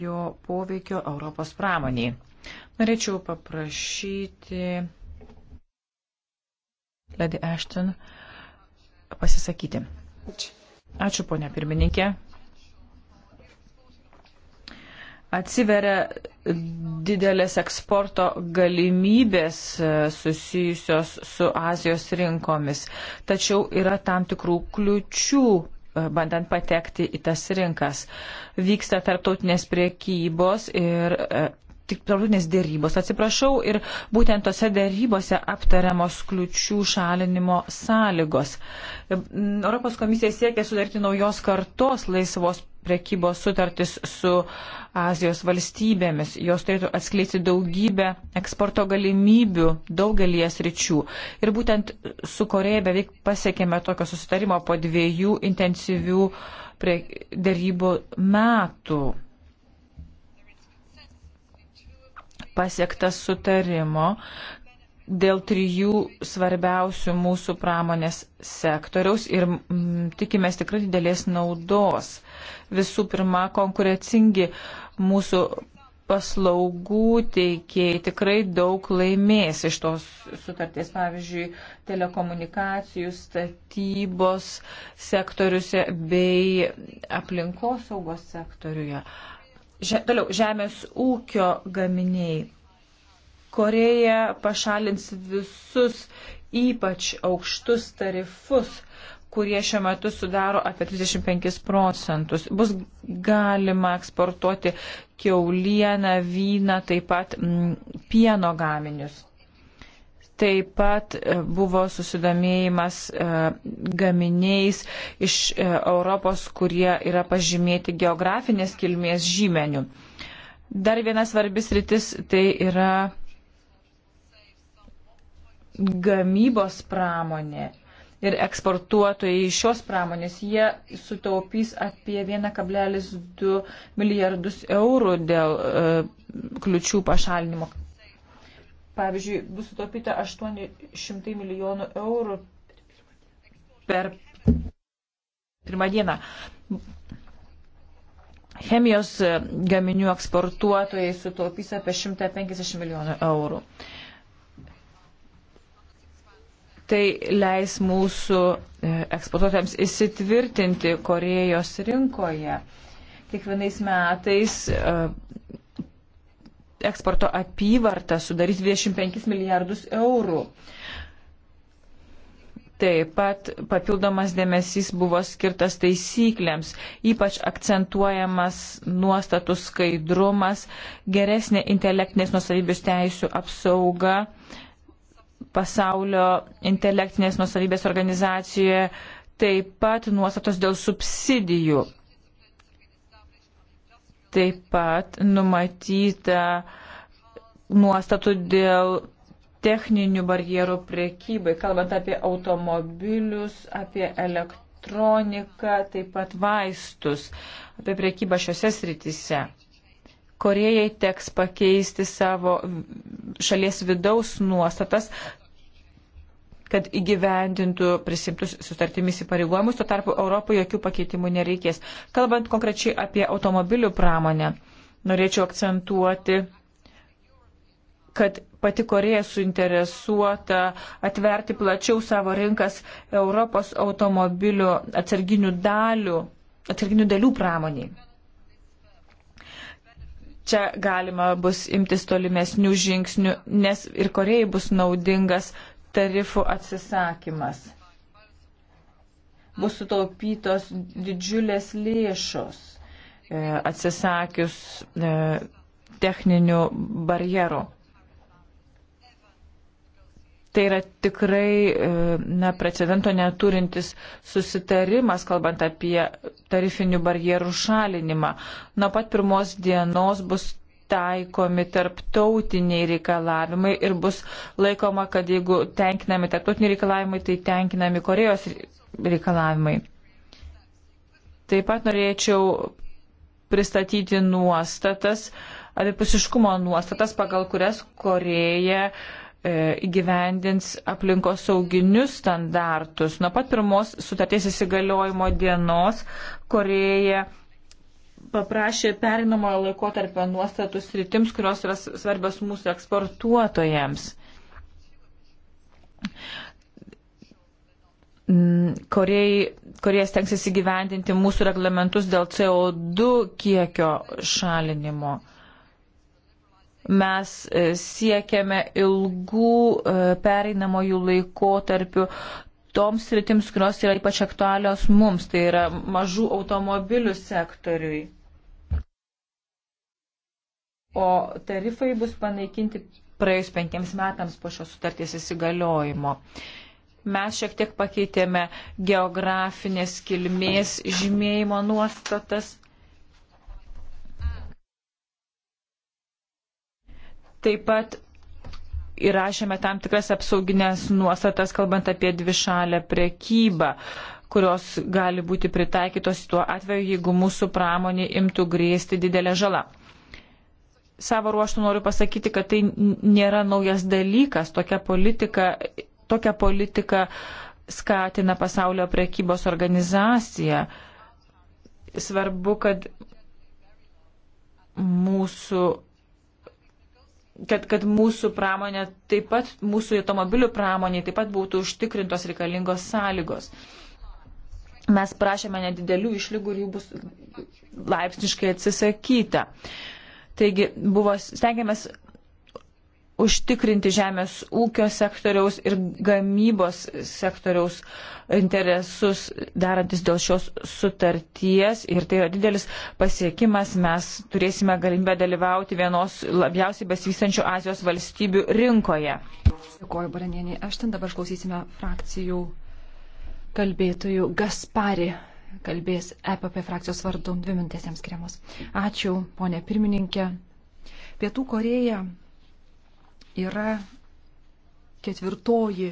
jo poveikio Europos pramoniai. Norėčiau paprašyti Lady Ashton pasisakyti. Ačiū, ponia pirmininkė. Atsiveria didelės eksporto galimybės e, susijusios su Azijos rinkomis, tačiau yra tam tikrų kliučių bandant patekti į tas rinkas. Vyksta tarptautinės priekybos ir e, tik tarptautinės dėrybos, atsiprašau, ir būtent tose dėrybose aptariamos kliučių šalinimo sąlygos. Europos komisija siekia sudaryti naujos kartos laisvos prekybos sutartis su Azijos valstybėmis. Jos turėtų atskleisti daugybę eksporto galimybių daugelį sričių. Ir būtent su Koreja beveik pasiekėme tokio susitarimo po dviejų intensyvių dėrybų metų pasiektas sutarimo dėl trijų svarbiausių mūsų pramonės sektoriaus ir m, mm, tikimės tikrai didelės naudos. Visų pirma, konkurencingi mūsų paslaugų teikėjai tikrai daug laimės iš tos sutarties, pavyzdžiui, telekomunikacijų, statybos sektoriuose bei aplinkosaugos sektoriuje. Uh, Že, toliau, žemės ūkio gaminiai. Koreja pašalins visus ypač aukštus tarifus, kurie šiuo metu sudaro apie 35 procentus. Bus galima eksportuoti keulieną, vyną, taip pat m, mm, pieno gaminius. Taip pat e, buvo susidomėjimas e, gaminiais iš e, Europos, kurie yra pažymėti geografinės kilmės žymenių. Dar vienas svarbis rytis tai yra gamybos pramonė ir eksportuotojai iš šios pramonės, jie sutaupys apie 1,2 milijardus eurų dėl e, kliučių pašalinimo Pavyzdžiui, bus sutaupyta 800 milijonų eurų per pirmą dieną. Chemijos gaminių eksportuotojai sutaupys apie 150 milijonų eurų. Tai leis mūsų e, eksportuotojams įsitvirtinti Korejos rinkoje. Kiekvienais metais e, eksporto apyvarta sudarys 25 milijardus eurų. Taip pat papildomas dėmesys buvo skirtas taisyklėms, ypač akcentuojamas nuostatų skaidrumas, geresnė intelektinės nusavybės teisų apsauga, pasaulio intelektinės nusavybės organizacijoje, taip pat nuostatos dėl subsidijų. Taip pat numatyta nuostatų dėl techninių barjerų priekybai, kalbant apie automobilius, apie elektroniką, taip pat vaistus, apie priekybą šiuose srityse. Korėjai teks pakeisti savo šalies vidaus nuostatas kad įgyvendintų prisimtus sutartimis įpareigojimus, tuo tarpu Europoje jokių pakeitimų nereikės. Kalbant konkrečiai apie automobilių pramonę, norėčiau akcentuoti, kad pati Koreja suinteresuota atverti plačiau savo rinkas Europos automobilių atsarginių dalių, atsarginių dalių pramoniai. Čia galima bus imtis tolimesnių žingsnių, nes ir Korejai bus naudingas tarifų atsisakymas. Bus sutaupytos didžiulės lėšos e, atsisakius e, techninių barjerų. Tai yra tikrai e, na, precedento neturintis susitarimas, kalbant apie tarifinių barjerų šalinimą. Nuo pat pirmos dienos bus taikomi tarptautiniai reikalavimai ir bus laikoma, kad jeigu tenkinami tarptautiniai reikalavimai, tai tenkinami Korejos reikalavimai. Taip pat norėčiau pristatyti nuostatas, abipusiškumo nuostatas, pagal kurias Koreja e, įgyvendins aplinkos sauginius standartus. Nuo pat pirmos sutarties įsigaliojimo dienos Koreja paprašė perinamojo laikotarpio nuostatų sritims, kurios yra svarbios mūsų eksportuotojams. Mm, Korėjai stengsis įgyvendinti mūsų reglamentus dėl CO2 kiekio šalinimo. Mes e, siekiame ilgų e, pereinamojų laikotarpių toms sritims, kurios yra ypač aktualios mums, tai yra mažų automobilių sektoriui o tarifai bus panaikinti praėjus penkiems metams po šios sutarties įsigaliojimo. Mes šiek tiek pakeitėme geografinės kilmės žymėjimo nuostatas. Taip pat įrašėme tam tikras apsauginės nuostatas, kalbant apie dvišalę prekybą, kurios gali būti pritaikytos tuo atveju, jeigu mūsų pramonė imtų grėsti didelę žalą savo ruoštų noriu pasakyti, kad tai nėra naujas dalykas. Tokia politika, tokia politika skatina pasaulio prekybos organizacija. Svarbu, kad mūsų. Kad, kad mūsų pramonė, taip pat mūsų automobilių pramonė, taip pat būtų užtikrintos reikalingos sąlygos. Mes prašėme nedidelių išlygų ir jų bus laipsniškai atsisakyta. Uh, Taigi buvo stengiamės užtikrinti žemės ūkio sektoriaus ir gamybos sektoriaus interesus darantis dėl šios sutarties ir tai yra didelis pasiekimas. Mes turėsime galimybę dalyvauti vienos labiausiai besivystančių Azijos valstybių rinkoje. Dėkuoju, Baranienė. Aš ten dabar klausysime frakcijų kalbėtojų Gaspari kalbės EPP frakcijos vardu dvi minutės jiems skiriamos. Ačiū, ponė pirmininkė. Pietų Koreja yra ketvirtoji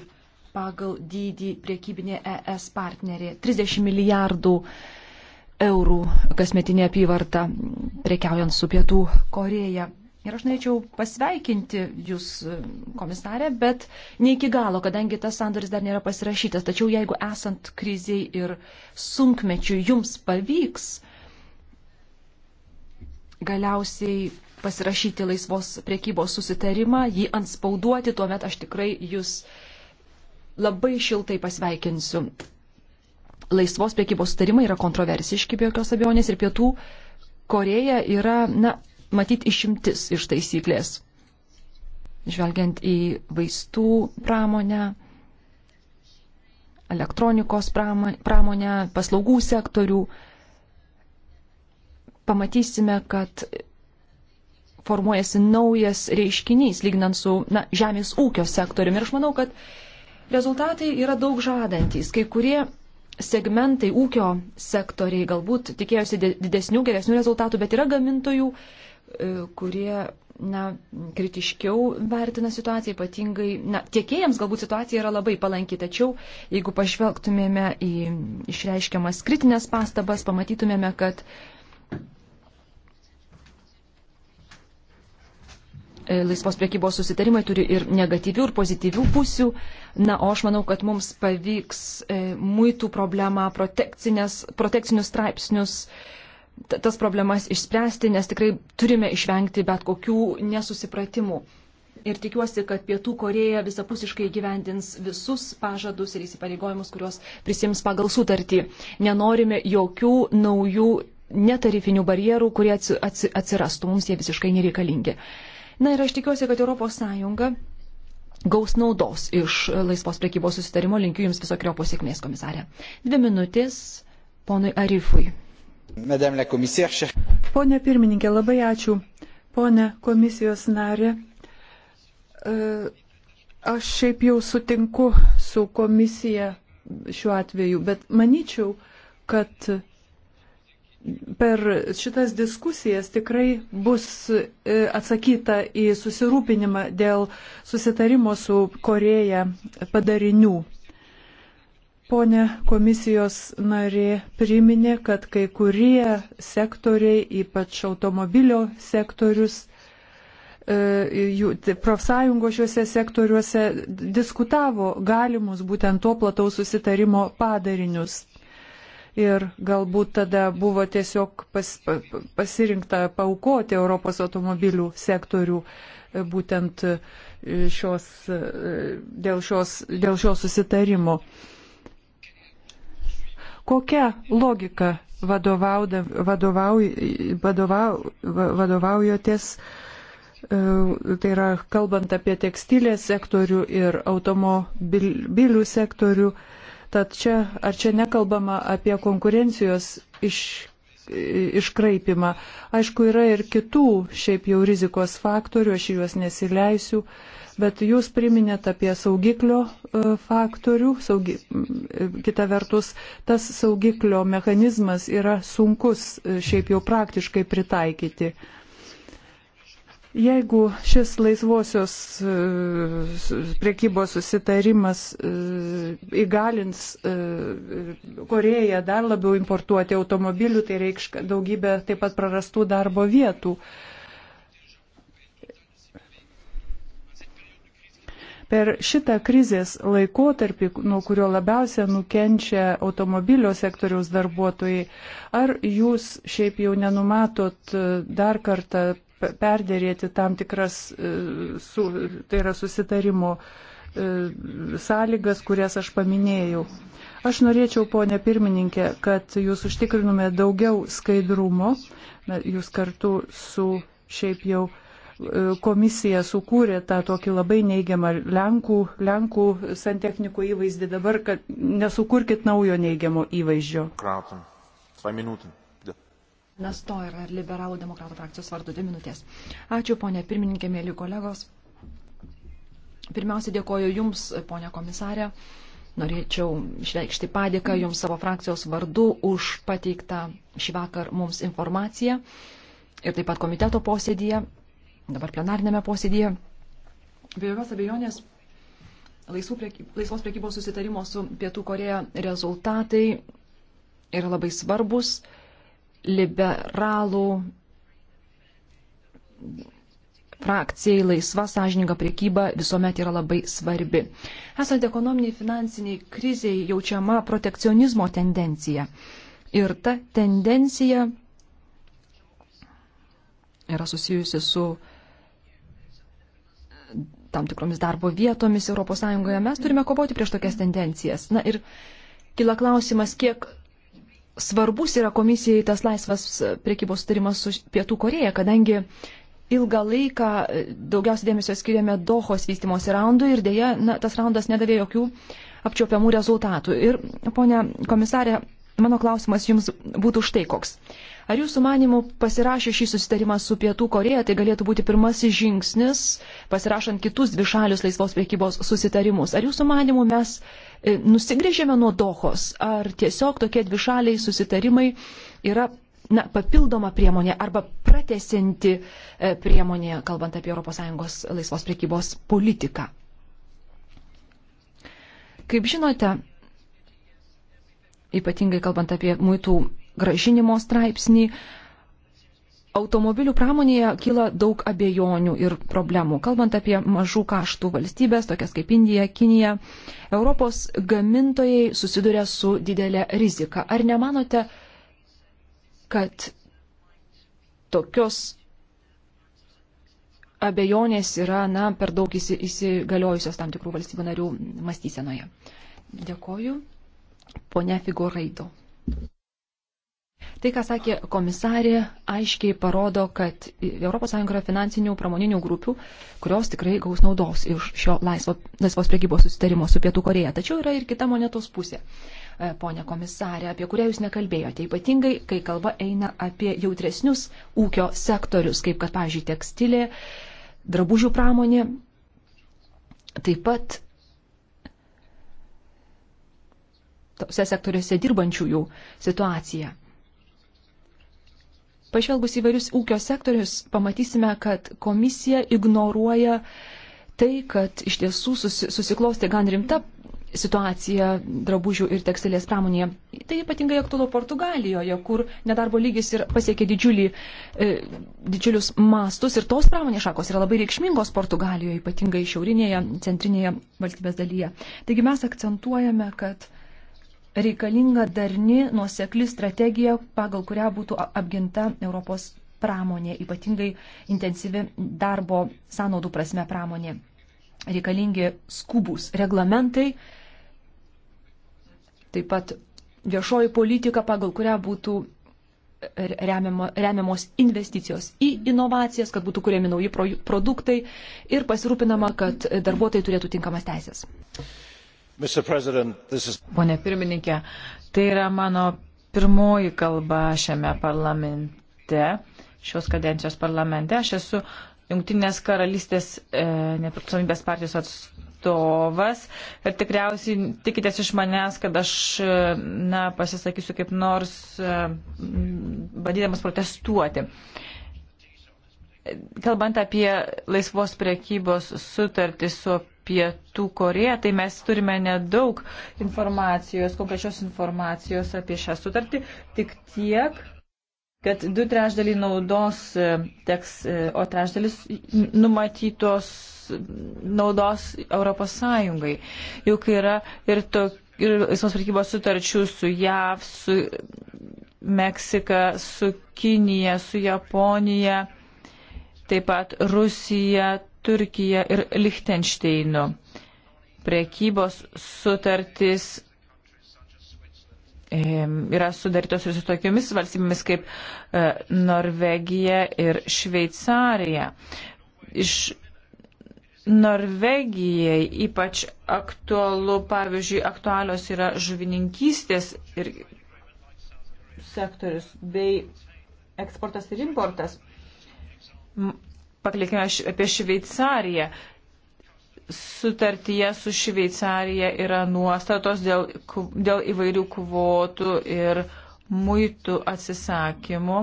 pagal dydį priekybinė ES partnerė. 30 milijardų eurų kasmetinė apyvarta prekiaujant su Pietų Koreja. Ir aš norėčiau pasveikinti jūs, komisarė, bet ne iki galo, kadangi tas sandoris dar nėra pasirašytas. Tačiau jeigu esant kriziai ir sunkmečiui jums pavyks galiausiai pasirašyti laisvos priekybos susitarimą, jį anspauduoti, tuomet aš tikrai jūs labai šiltai pasveikinsiu. Laisvos priekybos sutarimai yra kontroversiški, be jokios abejonės, ir pietų Koreja yra, na, matyti išimtis iš taisyklės. Žvelgiant į vaistų pramonę, elektronikos pramonę, paslaugų sektorių, pamatysime, kad formuojasi naujas reiškinys, lygnant su na, žemės ūkio sektoriumi. Ir aš manau, kad rezultatai yra daug žadantys. Kai kurie segmentai ūkio sektoriai galbūt tikėjosi didesnių, geresnių rezultatų, bet yra gamintojų, E, kurie na, kritiškiau vertina situaciją, ypatingai, na, tiekėjams galbūt situacija yra labai palanki, tačiau jeigu pažvelgtumėme į išreiškiamas kritinės pastabas, pamatytumėme, kad e, laisvos priekybos susitarimai turi ir negatyvių, ir pozityvių pusių. Na, o aš manau, kad mums pavyks e, muitų problemą, protekcinius straipsnius e, tas problemas išspręsti, nes tikrai turime išvengti bet kokių nesusipratimų. Ir tikiuosi, kad Pietų Koreja visapusiškai gyvendins visus pažadus ir įsipareigojimus, kuriuos prisims pagal sutartį. Nenorime jokių naujų netarifinių barjerų, kurie atsirastų. Mums jie visiškai nereikalingi. Na ir aš tikiuosi, kad ES gaus naudos iš laisvos prekybos susitarimo. Linkiu Jums visokio posėkmės, komisarė. Dvi minutės ponui Arifui. Pone pirmininkė, labai ačiū. Pone komisijos narė, e, aš šiaip jau sutinku su komisija šiuo atveju, bet manyčiau, kad per šitas diskusijas tikrai bus e, atsakyta į susirūpinimą dėl susitarimo su Koreja padarinių. Pone komisijos narė priminė, kad kai kurie sektoriai, ypač automobilio sektorius, e, jų profsąjungos šiuose sektoriuose diskutavo galimus būtent to plataus susitarimo padarinius. Ir galbūt tada buvo tiesiog pas, pasirinkta paukoti Europos automobilių sektorių e, būtent e, šios, dėl, šios, dėl šio susitarimo. Kokia logika vadovauda, vadovauj, vadovau, vadovaujotės, e, tai yra kalbant apie tekstilės sektorių ir automobilių sektorių, tad čia, ar čia nekalbama apie konkurencijos iš iškraipimą. Aišku, yra ir kitų šiaip jau rizikos faktorių, aš juos nesileisiu, bet jūs priminėt apie saugiklio e, faktorių, saugi, e, kita vertus, tas saugiklio mechanizmas yra sunkus e, šiaip jau praktiškai pritaikyti. Jeigu šis laisvosios priekybos susitarimas įgalins Koreją dar labiau importuoti automobilių, tai reikš daugybę taip pat prarastų darbo vietų. Per šitą krizės laikotarpį, nuo kurio labiausia nukenčia automobilio sektoriaus darbuotojai, ar jūs šiaip jau nenumatot e, dar kartą perdėrėti tam tikras, e, su, tai yra susitarimo e, sąlygas, kurias aš paminėjau. Aš norėčiau, ponė pirmininkė, kad jūs užtikrinume daugiau skaidrumo, na, jūs kartu su šiaip jau komisija sukūrė tą tokį labai neigiamą Lenkų, Lenkų santechnikų įvaizdį dabar, kad nesukurkit naujo neigiamo įvaizdžio. Kratom. Dvi minutės. Nasto yra liberalų demokratų frakcijos vardu. Dvi minutės. Ačiū, ponė pirmininkė, mėly kolegos. Pirmiausia, dėkoju Jums, ponė komisarė. Norėčiau išreikšti padėką Jums savo frakcijos vardu už pateiktą šį vakar mums informaciją ir taip pat komiteto posėdėje dabar plenarinėme posėdėje. Be jokios abejonės, prieky, laisvos priekybos susitarimo su Pietų Koreja rezultatai yra labai svarbus liberalų frakcijai laisva sąžininga priekyba visuomet yra labai svarbi. Esant ekonominiai finansiniai kriziai jaučiama protekcionizmo tendencija. Ir ta tendencija yra susijusi su tam tikromis darbo vietomis ES, mes turime kovoti prieš tokias tendencijas. Na ir kila klausimas, kiek svarbus yra komisijai tas laisvas priekybos sutarimas su Pietų Koreja, kadangi ilgą laiką daugiausia dėmesio skiriame Dohos vystimosi raundui ir dėja na, tas raundas nedavė jokių apčiopiamų rezultatų. Ir, ponia komisarė, Mano klausimas jums būtų štai koks. Ar jūsų manimų pasirašė šį susitarimą su Pietų Koreja, tai galėtų būti pirmasis žingsnis, pasirašant kitus dvišalius laisvos priekybos susitarimus? Ar jūsų manimų mes e, nusigrėžėme nuo Dohos, ar tiesiog tokie dvišaliai susitarimai yra na, papildoma priemonė arba pratesinti e, priemonė, kalbant apie ES laisvos priekybos politiką? Kaip žinote, ypatingai kalbant apie muitų gražinimo straipsnį, automobilių pramonėje kyla daug abejonių ir problemų. Kalbant apie mažų kaštų valstybės, tokias kaip Indija, Kinija, Europos gamintojai susiduria su didelė rizika. Ar nemanote, kad tokios abejonės yra na, per daug įsigaliojusios tam tikrų valstybių narių mąstysenoje? Dėkoju ponia Figuraito. Tai, ką sakė komisarė, aiškiai parodo, kad ES yra finansinių pramoninių grupių, kurios tikrai gaus naudos iš šio laisvo, laisvos priekybos susitarimo su Pietų Koreja. Tačiau yra ir kita monetos pusė, e, ponė komisarė, apie kurią jūs nekalbėjote, ypatingai, kai kalba eina apie jautresnius ūkio sektorius, kaip kad, pavyzdžiui, tekstilė, drabužių pramonė, taip pat tose sektoriuose dirbančiųjų situaciją. Pažvelgus įvairius ūkio sektorius, pamatysime, kad komisija ignoruoja tai, kad iš tiesų susi, susiklosti gan rimta situacija drabužių ir tekstilės pramonėje. Tai ypatingai aktualu Portugalijoje, kur nedarbo lygis ir pasiekė didžiulį, e, didžiulius mastus ir tos pramonės šakos yra labai reikšmingos Portugalijoje, ypatingai šiaurinėje, centrinėje valstybės dalyje. Taigi mes akcentuojame, kad reikalinga darni, nuosekli strategija, pagal kurią būtų apginta Europos pramonė, ypatingai intensyvi darbo sąnaudų prasme pramonė. Reikalingi skubus reglamentai, taip pat viešoji politika, pagal kurią būtų remiamo, remiamos investicijos į inovacijas, kad būtų kuriami nauji produktai ir pasirūpinama, kad darbuotojai turėtų tinkamas teisės. Is... Pone pirmininkė, tai yra mano pirmoji kalba šiame parlamente, šios kadencijos parlamente. Aš esu Junktinės karalystės e, nepriklausomybės partijos atstovas ir tikriausiai tikitės iš manęs, kad aš e, na, pasisakysiu kaip nors e, bandydamas protestuoti. Kalbant apie laisvos priekybos sutartį su Pietų Koreją, tai mes turime nedaug informacijos, konkrečios informacijos apie šią sutartį, tik tiek, kad du trešdaliai naudos e, teks, e, o trešdalis numatytos naudos Europos Sąjungai. Juk yra ir, to, ir laisvos prekybos sutarčių su JAV, su Meksika, su Kinija, su Japonija, taip pat Rusija, Turkija ir Lichtensteinu. Prekybos sutartys yra sudarytos ir su tokiomis valstybėmis kaip e, Norvegija ir Šveicarija. Iš Norvegijai ypač aktualu, pavyzdžiui, aktualios yra žuvininkystės ir sektorius bei eksportas ir importas pakalbėkime apie Šveicariją. Sutartyje su Šveicarija yra nuostatos dėl, dėl įvairių kvotų ir muitų atsisakymų.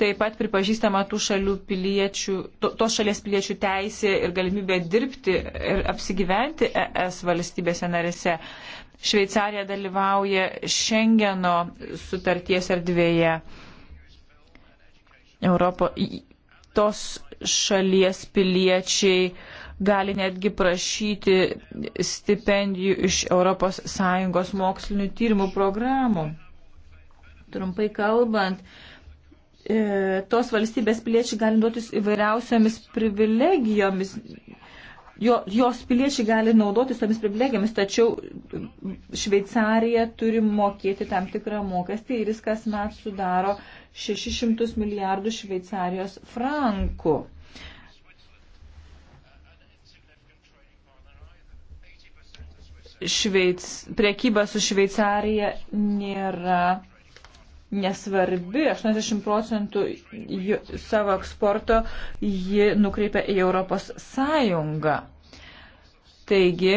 Taip pat pripažįstama tų šalių piliečių, to, tos šalies piliečių teisė ir galimybė dirbti ir apsigyventi ES valstybėse narėse. Šveicarija dalyvauja Šengeno sutarties erdvėje. Europo, tos šalies piliečiai gali netgi prašyti stipendijų iš ES mokslinių tyrimų programų. Trumpai kalbant, e, tos valstybės piliečiai gali duotis įvairiausiamis privilegijomis. Jo, jos piliečiai gali naudotis tomis privilegijomis, tačiau Šveicarija turi mokėti tam tikrą mokestį ir jis kasmet sudaro 600 milijardų Šveicarijos frankų. Šveic, priekyba su Šveicarija nėra nesvarbi. 80 procentų savo eksporto ji nukreipia į Europos Sąjungą. Taigi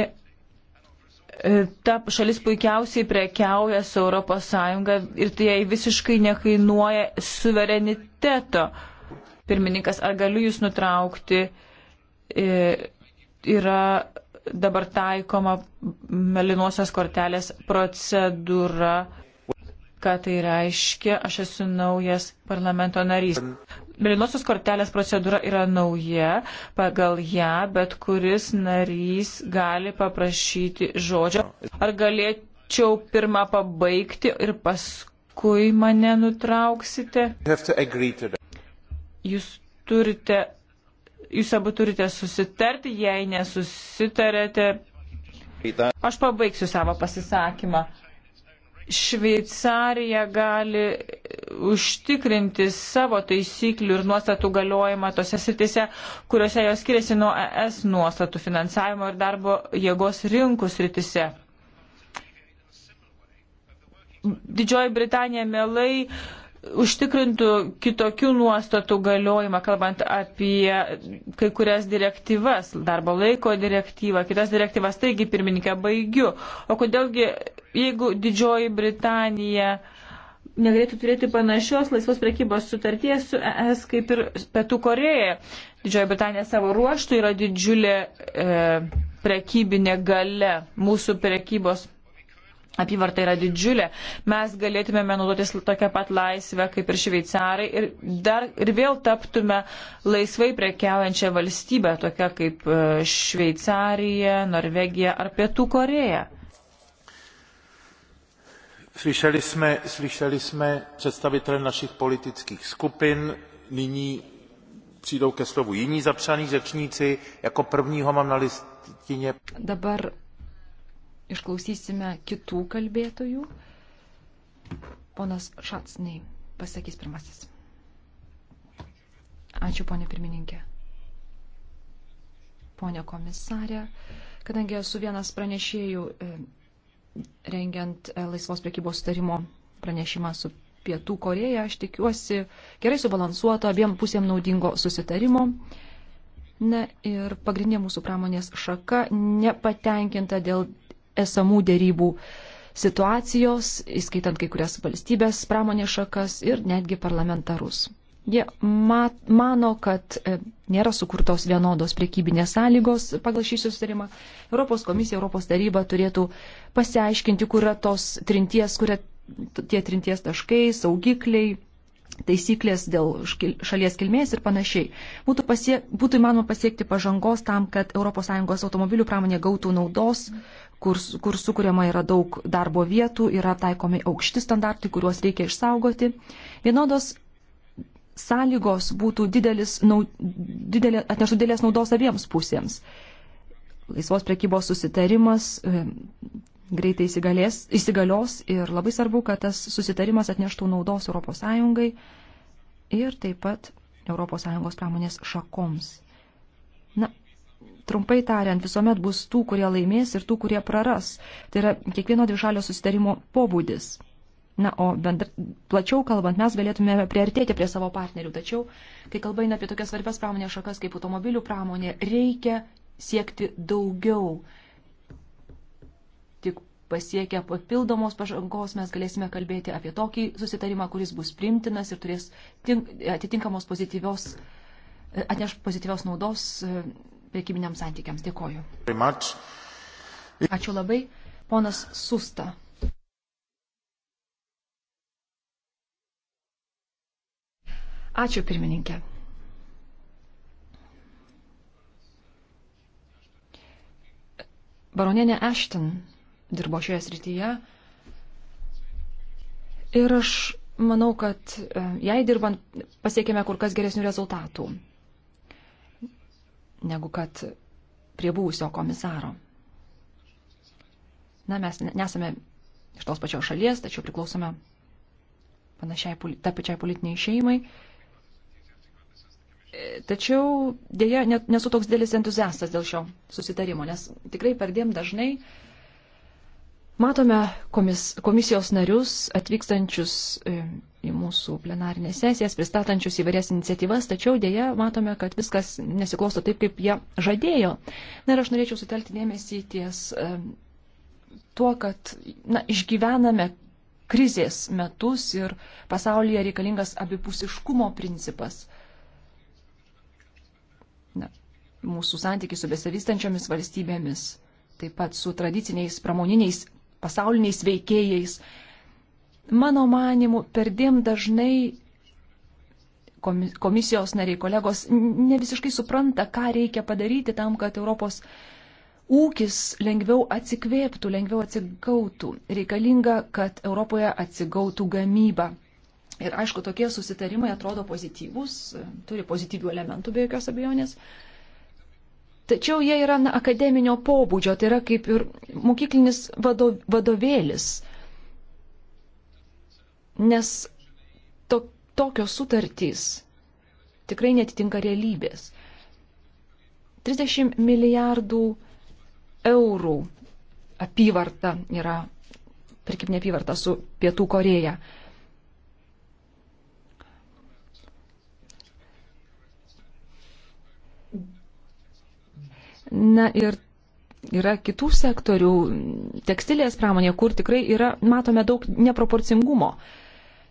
E, ta šalis puikiausiai prekiauja su ES ir tai jai visiškai nekainuoja suvereniteto. Pirmininkas, ar galiu jūs nutraukti, e, yra dabar taikoma melinosios kortelės procedūra. Ką tai reiškia? Aš esu naujas parlamento narys. Mėlynosios kortelės procedūra yra nauja, pagal ją bet kuris narys gali paprašyti žodžio. Ar galėčiau pirmą pabaigti ir paskui mane nutrauksite? To jūs turite, jūs abu turite susitarti, jei nesusitarėte. Aš pabaigsiu savo pasisakymą. Šveicarija gali užtikrinti savo taisyklių ir nuostatų galiojimą tose sritise, kuriuose jos skiriasi nuo ES nuostatų finansavimo ir darbo jėgos rinkų sritise. Didžioji Britanija mielai uh, užtikrintų kitokių nuostatų galiojimą, kalbant apie kai kurias direktyvas, darbo laiko direktyvą, kitas direktyvas, taigi pirmininkė baigiu. O kodėlgi, jeigu Didžioji Britanija negalėtų turėti panašios laisvos prekybos sutarties su ES kaip ir Pietų Koreja, Didžioji Britanija savo ruoštų yra didžiulė e, prekybinė gale mūsų prekybos apyvarta yra didžiulė, mes galėtumėme naudotis tokią pat laisvę kaip ir šveicarai ir, dar, ir vėl taptume laisvai prekiaujančią valstybę, tokia kaip e, Šveicarija, Norvegija ar Pietų Koreja. Slyšeli jsme, slyšeli jsme představitele našich politických skupin, nyní přijdou ke slovu jiní zapsaní řečníci. Jako prvního mám na listině. Dabar išklausysime kitų kalbėtojų. Ponas Šatsnai pasakys pirmasis. Ačiū, ponė pirmininkė. Pone komisarė, kadangi esu vienas pranešėjų e, rengiant e, laisvos priekybos sutarimo pranešimą su Pietų Koreja, aš tikiuosi gerai subalansuoto abiem pusėm naudingo susitarimo. Na ir pagrindinė mūsų pramonės šaka nepatenkinta dėl esamų dėrybų situacijos, įskaitant kai kurias valstybės pramonės šakas ir netgi parlamentarus. Jie mat, mano, kad e, nėra sukurtos vienodos priekybinės sąlygos pagal šį susitarimą. Europos komisija, Europos taryba turėtų pasiaiškinti, kur yra tos trinties, kur yra tie trinties taškai, saugikliai, taisyklės dėl šalies kilmės ir panašiai. Būtų, pasie, būtų įmanoma pasiekti pažangos tam, kad ES automobilių pramonė gautų naudos, kur, kur sukūriama yra daug darbo vietų, yra taikomi aukšti standartai, kuriuos reikia išsaugoti. Vienodos sąlygos būtų didelis, nau, didelė, atneštų didelės naudos abiems pusėms. Laisvos prekybos susitarimas greitai įsigalės, įsigalios ir labai svarbu, kad tas susitarimas atneštų naudos ES ir taip pat ES pramonės šakoms. Na, trumpai tariant, visuomet bus tų, kurie laimės ir tų, kurie praras. Tai yra kiekvieno dvišalio susitarimo pobūdis. Na, o bendra, plačiau kalbant, mes galėtume priartėti prie savo partnerių, tačiau, kai kalba eina apie tokias svarbias pramonės šakas kaip automobilių pramonė, reikia siekti daugiau pasiekę papildomos pažangos, mes galėsime kalbėti apie tokį susitarimą, kuris bus primtinas ir turės tink, atitinkamos pozityvios, atneš pozityvios naudos e, priekybiniams santykiams. Dėkoju. Ačiū labai. Ponas Susta. Ačiū pirmininkė. Baronienė Ashton dirbo šioje srityje. Ir aš manau, kad e, jai dirbant pasiekėme kur kas geresnių rezultatų negu kad prie buvusio komisaro. Na, mes nesame iš tos pačios šalies, tačiau priklausome panašiai, ta pačiai politiniai šeimai. E, tačiau dėja nesu toks dėlis entuziastas dėl šio susitarimo, nes tikrai perdėm dažnai uh, Matome komis, komisijos narius atvykstančius e, į mūsų plenarinės sesijas, pristatančius įvairias iniciatyvas, tačiau dėja matome, kad viskas nesiklosto taip, kaip jie žadėjo. Na ir aš norėčiau sutelkti dėmesį ties e, tuo, kad na, išgyvename krizės metus ir pasaulyje reikalingas abipusiškumo principas. Na, mūsų santykiai su besivystančiomis valstybėmis taip pat su tradiciniais pramoniniais pasauliniais veikėjais. Mano manimu, perdėm dažnai komisijos nariai, kolegos ne visiškai supranta, ką reikia padaryti tam, kad Europos ūkis lengviau atsikvėptų, lengviau atsigautų. Reikalinga, kad Europoje atsigautų gamyba. Ir aišku, tokie susitarimai atrodo pozityvūs, turi pozityvių elementų be jokios abejonės tačiau jie yra na, akademinio pobūdžio, tai yra kaip ir mokyklinis vado, vadovėlis. Nes to, tokios sutartys tikrai netitinka realybės. 30 milijardų eurų apyvarta yra, pirkim neapyvarta su Pietų Koreja. Na ir yra kitų sektorių, tekstilės pramonė, kur tikrai yra, matome daug neproporcingumo.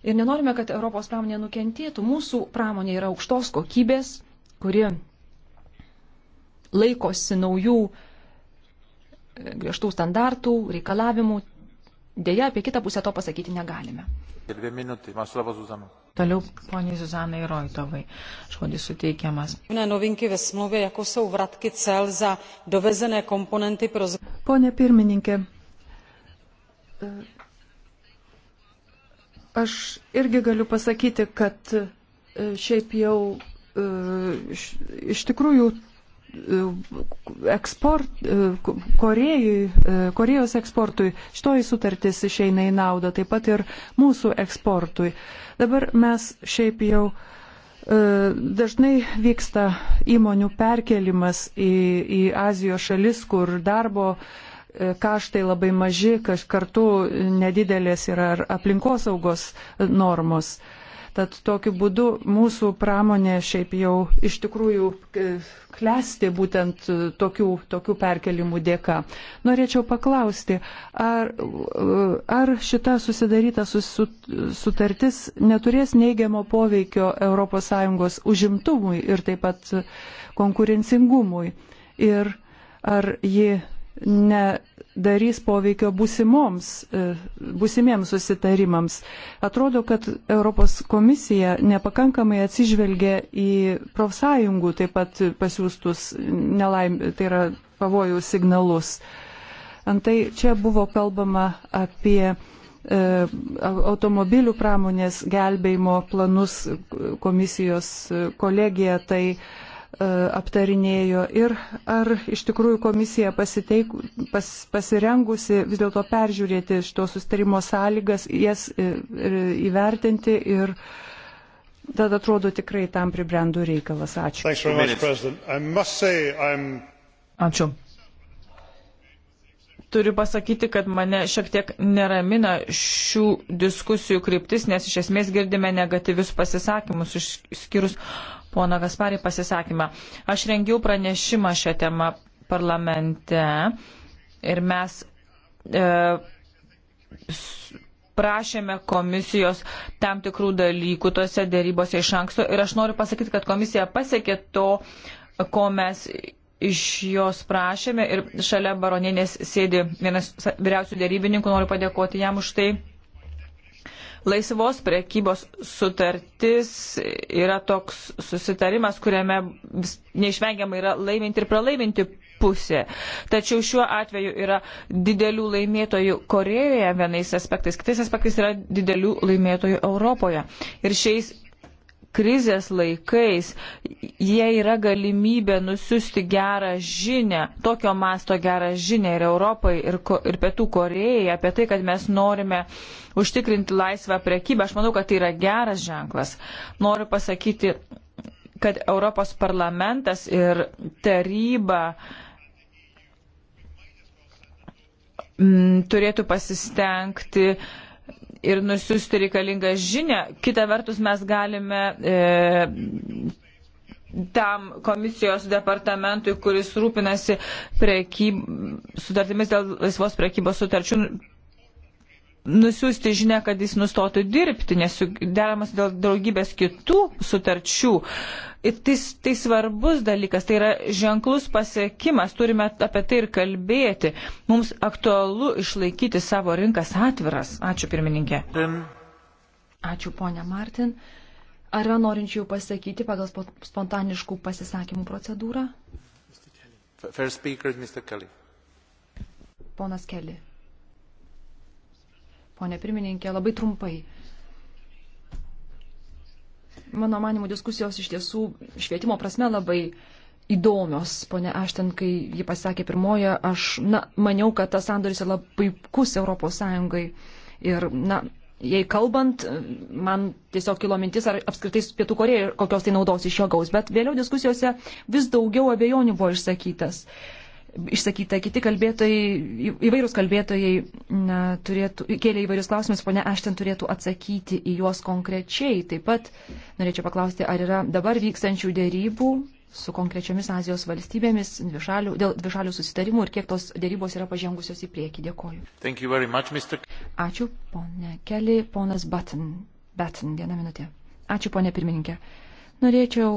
Ir nenorime, kad Europos pramonė nukentėtų. Mūsų pramonė yra aukštos kokybės, kuri laikosi naujų e, griežtų standartų, reikalavimų, Deja, apie kitą pusę to pasakyti negalime. Toliau poniai Zuzanai Rojtovai žodis suteikiamas. Novinky ve smluvě, jako jsou vratky cel za dovezené komponenty pro... Pone pirmininkė, e, aš irgi galiu pasakyti, kad e, šiaip jau e, iš tikrųjų eksport, Korėjui, Korejos eksportui šitoji sutartis išeina į naudą, taip pat ir mūsų eksportui. Dabar mes šiaip jau e, dažnai vyksta įmonių perkelimas į, į Azijos šalis, kur darbo e, kaštai labai maži, kartu nedidelės yra aplinkosaugos normos. Uh, Tad tokiu būdu mūsų pramonė šiaip jau iš tikrųjų e, klesti būtent e, tokių, tokių perkelimų dėka. Norėčiau paklausti, ar, e, ar šita susidaryta sus, sutartis neturės neigiamo poveikio ES užimtumui ir taip pat konkurencingumui? Ir ar ji nedarys poveikio būsimoms, e, būsimiems susitarimams. Atrodo, kad Europos komisija nepakankamai atsižvelgia į profsąjungų taip pat pasiūstus nelaim, tai yra pavojų signalus. Antai čia buvo kalbama apie e, automobilių pramonės gelbėjimo planus e, komisijos kolegija, tai uh, E, aptarinėjo ir ar iš tikrųjų komisija pasiteik, pas, pasirengusi vis dėlto peržiūrėti šito sustarimo sąlygas, jas e, įvertinti ir tada atrodo tikrai tam pribrendų reikalas. Ačiū. Ačiū. Turiu pasakyti, kad mane šiek tiek neramina šių diskusijų kryptis, nes iš esmės girdime negatyvius pasisakymus, išskyrus pono Gasparį pasisakymą. Aš rengiau pranešimą šią temą parlamente ir mes e, prašėme komisijos tam tikrų dalykų tose dėrybose iš anksto ir aš noriu pasakyti, kad komisija pasiekė to, ko mes iš jos prašėme ir šalia baronienės sėdi vienas vyriausių dėrybininkų, noriu padėkoti jam už tai. Laisvos priekybos sutartis yra toks susitarimas, kuriame neišvengiamai yra laiminti ir pralaiminti pusė. Tačiau šiuo atveju yra didelių laimėtojų Korejoje vienais aspektais, kitais aspektais yra didelių laimėtojų Europoje. Ir šiais krizės laikais, jie yra galimybė nusiųsti gerą žinę, tokio masto gerą žinę ir Europai, ir, ir Pietų Korejai apie tai, kad mes norime užtikrinti laisvą prekybą. Aš manau, kad tai yra geras ženklas. Noriu pasakyti, kad Europos parlamentas ir taryba mm, turėtų pasistengti uh, ir nusiųsti reikalingą žinę. Kita vertus, mes galime e, tam komisijos departamentui, kuris rūpinasi prekyb, sutartimis dėl laisvos prekybos sutarčių, nusiųsti žinę, kad jis nustotų dirbti, nes deramas dėl draugybės kitų sutarčių. Ir tai, tai svarbus dalykas, tai yra ženklus pasiekimas, turime apie tai ir kalbėti. Mums aktualu išlaikyti savo rinkas atviras. Ačiū pirmininkė. Ačiū ponia Martin. Ar yra norinčių pasakyti pagal spontaniškų pasisakymų procedūrą? Ponas Kelly ponė pirmininkė, labai trumpai. Mano manimų diskusijos iš tiesų švietimo prasme labai įdomios, ponė Ašten, kai ji pasakė pirmoje, aš na, maniau, kad tas sandoris yra labai puikus Europos Sąjungai. Ir, na, jei kalbant, man tiesiog kilo mintis, ar apskritai Pietų Koreja kokios tai naudos iš jo gaus, bet vėliau diskusijose vis daugiau abejonių buvo išsakytas. Uh, išsakyta. Kiti kalbėtojai, įvairūs kalbėtojai na, turėtų, kėlė įvairius klausimus, ponia Ašten turėtų atsakyti į juos konkrečiai. Taip pat norėčiau paklausti, ar yra dabar vykstančių dėrybų su konkrečiomis Azijos valstybėmis dvišalių, dėl dvišalių susitarimų ir kiek tos dėrybos yra pažengusios į priekį. Dėkoju. Much, Mr. Ačiū, ponė Keli, ponas Batten. Batten, vieną minutę. Ačiū, ponė pirmininkė. Norėčiau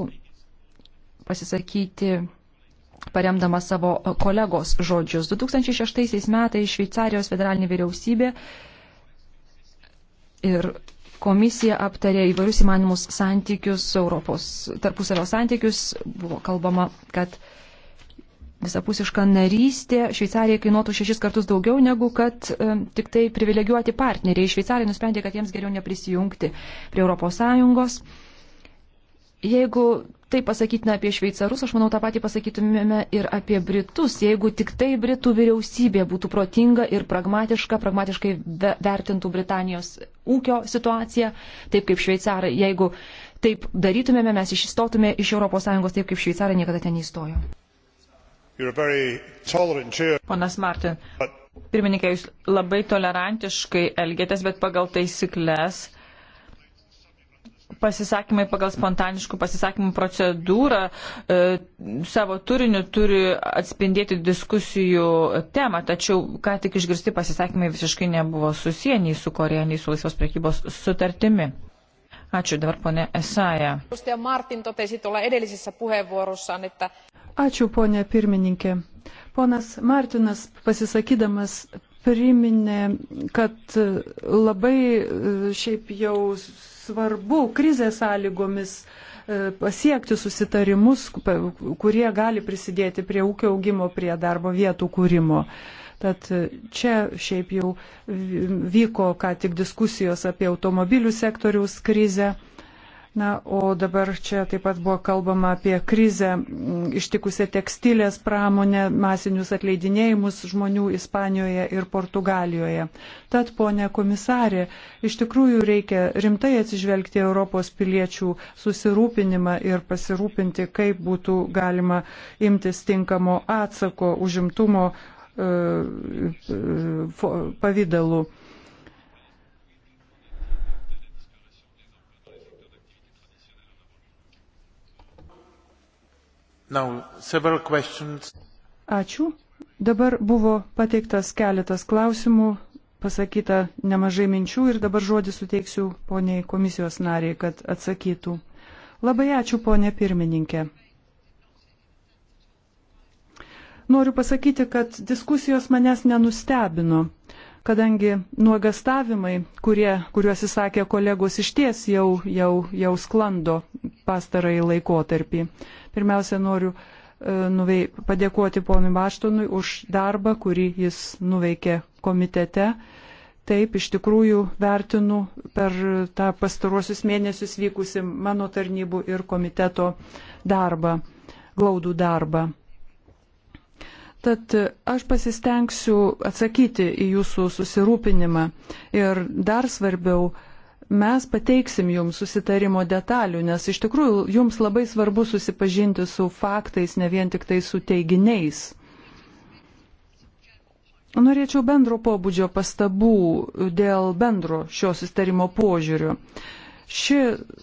pasisakyti paremdama savo kolegos žodžius. 2006 metais Šveicarijos federalinė vyriausybė ir komisija aptarė įvairius įmanomus santykius, Europos tarpusavio santykius. Buvo kalbama, kad visapusiška narystė Šveicarijai kainuotų šešis kartus daugiau negu kad e, tik tai privilegijuoti partneriai. Šveicarijai nusprendė, kad jiems geriau neprisijungti prie ES. Jeigu tai pasakytume apie šveicarus, aš manau tą patį pasakytumėme ir apie britus. Jeigu tik tai britų vyriausybė būtų protinga ir pragmatiška, pragmatiškai vertintų Britanijos ūkio situaciją, taip kaip šveicarai, jeigu taip darytumėme, mes išistotume iš ES taip kaip šveicarai niekada ten įstojo. Ponas Martin, pirmininkai, jūs labai tolerantiškai elgėtės, bet pagal taisyklės pasisakymai pagal spontaniškų pasisakymų procedūrą e, savo turiniu turi atspindėti diskusijų temą, tačiau ką tik išgirsti pasisakymai visiškai nebuvo susiję nei su Koreja, nei su laisvos prekybos sutartimi. Ačiū dabar, ponė Esaja. Ačiū, ponė pirmininkė. Ponas Martinas pasisakydamas priminė, kad labai e, šiaip jau svarbu krizės sąlygomis e, pasiekti susitarimus, kurie gali prisidėti prie ūkio augimo, prie darbo vietų kūrimo. Tad čia šiaip jau vyko ką tik diskusijos apie automobilių sektoriaus krizę. Na, o dabar čia taip pat buvo kalbama apie krizę ištikusią tekstilės pramonę, masinius atleidinėjimus žmonių Ispanijoje ir Portugalijoje. Tad, ponė komisarė, iš tikrųjų reikia rimtai atsižvelgti Europos piliečių susirūpinimą ir pasirūpinti, kaip būtų galima imtis tinkamo atsako užimtumo e, e, pavydalu. Uh, uh, Now, Ačiū. Dabar buvo pateiktas keletas klausimų, pasakyta nemažai minčių ir dabar žodį suteiksiu poniai komisijos nariai, kad atsakytų. Labai ačiū, ponė pirmininkė. Noriu pasakyti, kad diskusijos manęs nenustebino, kadangi nuogastavimai, kurie, kuriuos įsakė kolegos iš ties, jau, jau, jau sklando pastarąjį laikotarpį. Pirmiausia, noriu e, nuvei, padėkoti ponui Maštonui už darbą, kurį jis nuveikė komitete. Taip, iš tikrųjų vertinu per tą pastaruosius mėnesius vykusi mano tarnybų ir komiteto darbą, glaudų darbą. Tad e, aš pasistengsiu atsakyti į jūsų susirūpinimą ir dar svarbiau mes pateiksim jums susitarimo detalių, nes iš tikrųjų jums labai svarbu susipažinti su faktais, ne vien tik tai su teiginiais. Norėčiau bendro pobūdžio pastabų dėl bendro šio susitarimo požiūrių. Ši,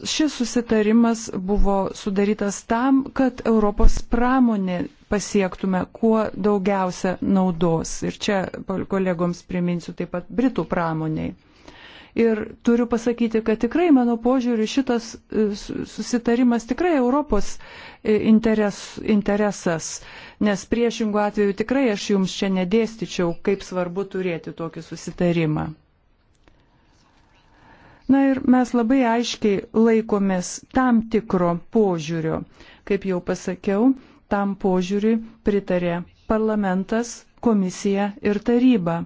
šis susitarimas buvo sudarytas tam, kad Europos pramonė pasiektume kuo daugiausia naudos. Ir čia kolegoms priminsiu taip pat Britų pramoniai. Ir turiu pasakyti, kad tikrai mano požiūriu šitas e, susitarimas tikrai Europos e, interes, interesas, nes priešingų atveju tikrai aš jums čia nedėstyčiau, kaip svarbu turėti tokį susitarimą. Na ir mes labai aiškiai laikomės tam tikro požiūrio. Kaip jau pasakiau, tam požiūriui pritarė parlamentas, komisija ir taryba.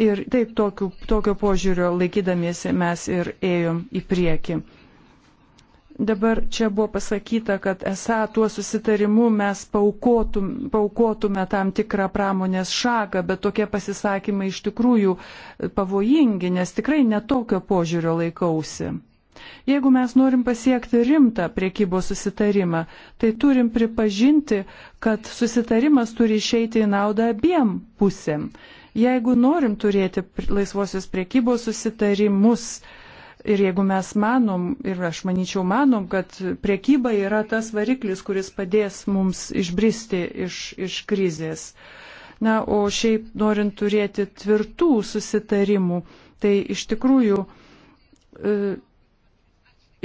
Ir taip tokiu, tokio požiūrio laikydamiesi mes ir ėjom į priekį. Dabar čia buvo pasakyta, kad esą tuo susitarimu mes paukotum, paukotume tam tikrą pramonės šaką, bet tokie pasisakymai iš tikrųjų pavojingi, nes tikrai netokio požiūrio laikausi. Jeigu mes norim pasiekti rimtą priekybos susitarimą, tai turim pripažinti, kad susitarimas turi išeiti į naudą abiem pusėm. Jeigu norim turėti laisvosios priekybos susitarimus, Ir jeigu mes manom, ir aš manyčiau manom, kad priekyba yra tas variklis, kuris padės mums išbristi iš, iš krizės. Na, o šiaip norint turėti tvirtų susitarimų, tai iš tikrųjų e,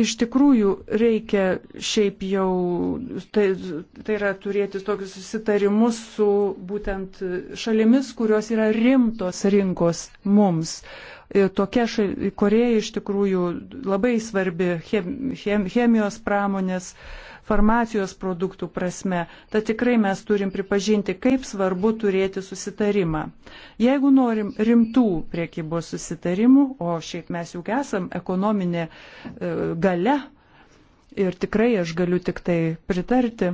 iš tikrųjų reikia šiaip jau, tai, tai yra turėti tokius susitarimus su būtent šalimis, kurios yra rimtos rinkos mums. Ir e, tokia šal, Koreja iš tikrųjų labai svarbi chem, chem, chemijos pramonės uh, farmacijos produktų prasme, tad tikrai mes turim pripažinti, kaip svarbu turėti susitarimą. Jeigu norim rimtų priekybos susitarimų, o šiaip mes juk esam ekonominė e, gale ir tikrai aš galiu tik tai pritarti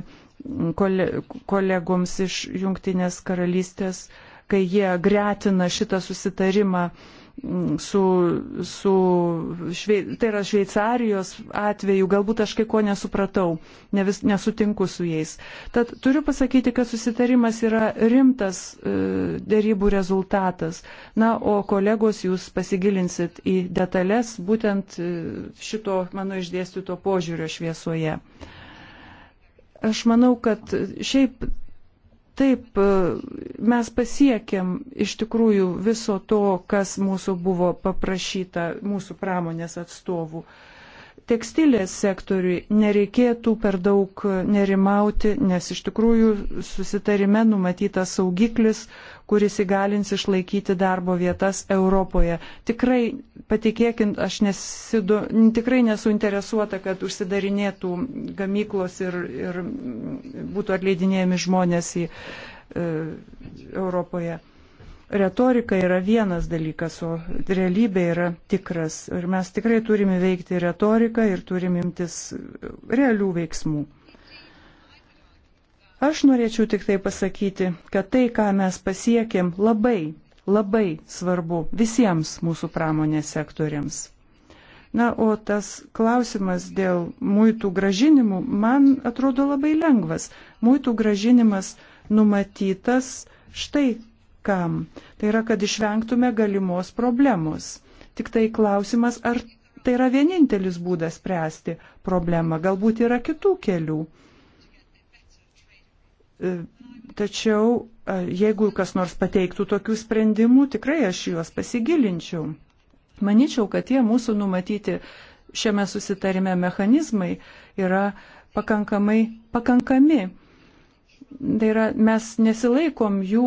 kolegoms iš Junktinės karalystės, kai jie gretina šitą susitarimą su, su švei, tai yra Šveicarijos atveju, galbūt aš kai ko nesupratau, ne vis, nesutinku su jais. Tad turiu pasakyti, kad susitarimas yra rimtas e, dėrybų rezultatas. Na, o kolegos jūs pasigilinsit į detalės būtent e, šito mano išdėstyto požiūrio šviesoje. Aš manau, kad šiaip Taip, e, mes pasiekėm iš tikrųjų viso to, kas mūsų buvo paprašyta, mūsų pramonės atstovų. Uh, tekstilės sektoriui nereikėtų per daug nerimauti, nes iš tikrųjų susitarime numatytas saugiklis, kuris įgalins išlaikyti darbo vietas Europoje. Tikrai, patikėkint, aš nesidu, tikrai nesu interesuota, kad užsidarinėtų gamyklos ir, ir būtų atleidinėjami žmonės į, e, Europoje retorika yra vienas dalykas, o realybė yra tikras. Ir mes tikrai turime veikti retoriką ir turim imtis realių veiksmų. Aš norėčiau tik tai pasakyti, kad tai, ką mes pasiekėm, labai, labai svarbu visiems mūsų pramonės sektoriams. Na, o tas klausimas dėl muitų gražinimų man atrodo labai lengvas. Muitų gražinimas numatytas štai kam. Tai yra, kad išvengtume galimos problemos. Tik tai klausimas, ar tai yra vienintelis būdas spręsti problemą, galbūt yra kitų kelių. E, tačiau e, jeigu kas nors pateiktų tokių sprendimų, tikrai aš juos pasigilinčiau. Maničiau, kad tie mūsų numatyti šiame susitarime mechanizmai yra pakankamai pakankami Tai yra, mes nesilaikom jų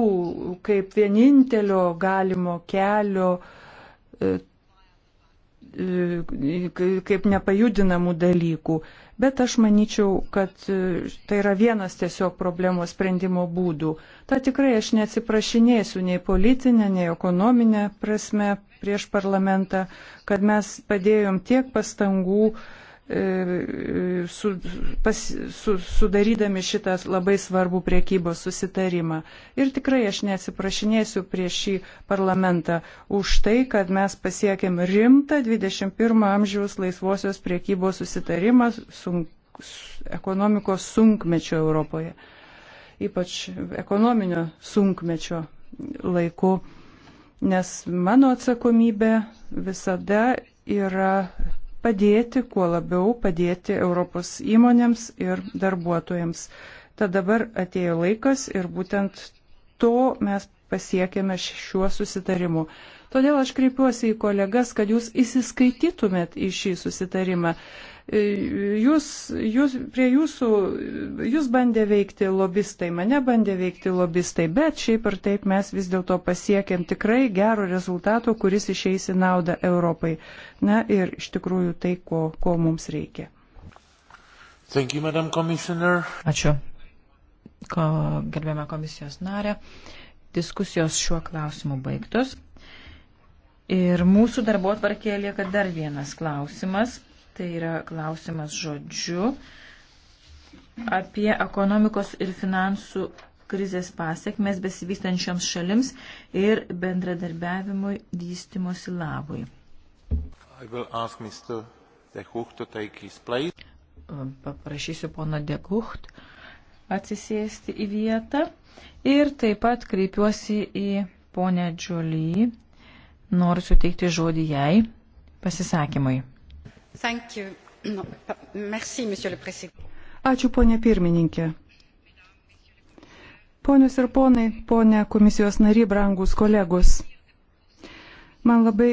kaip vienintelio galimo kelio, e, e, kaip nepajudinamų dalykų. Bet aš manyčiau, kad e, tai yra vienas tiesiog problemos sprendimo būdų. Ta tikrai aš neatsiprašinėsiu nei politinę, nei ekonominę prasme prieš parlamentą, kad mes padėjom tiek pastangų, uh, E, su, pas, su, sudarydami šitą labai svarbų priekybos susitarimą. Ir tikrai aš neatsiprašinėsiu prieš šį parlamentą už tai, kad mes pasiekėm rimtą 21 amžiaus laisvosios priekybos susitarimą sunk, ekonomikos sunkmečio Europoje, ypač ekonominio sunkmečio laiku. Nes mano atsakomybė visada yra padėti, kuo labiau padėti Europos įmonėms ir darbuotojams. Tad dabar atėjo laikas ir būtent to mes pasiekėme šiuo susitarimu. Todėl aš kreipiuosi į kolegas, kad jūs įsiskaitytumėt į šį susitarimą. Jūs, jūs, prie jūsų, jūs bandė veikti lobistai, mane bandė veikti lobistai, bet šiaip ar taip mes vis dėlto pasiekėm tikrai gero rezultato, kuris išeis į naudą Europai. Na ir iš tikrųjų tai, ko, ko mums reikia. Thank you, Madam Commissioner. Ačiū, ko, gerbėme komisijos narę. Diskusijos šiuo klausimu baigtos. Ir mūsų darbo atvarkėje lieka dar vienas klausimas. Tai yra klausimas žodžiu apie ekonomikos ir finansų krizės pasiekmes besivystančioms šalims ir bendradarbiavimui vystimosi labui. Paprašysiu pono Degucht atsisėsti į vietą ir taip pat kreipiuosi į ponę Džiolį. Noriu suteikti žodį jai pasisakymui. Ačiū, ponė pirmininkė. Ponios ir ponai, ponė komisijos nary, brangus kolegos. Man labai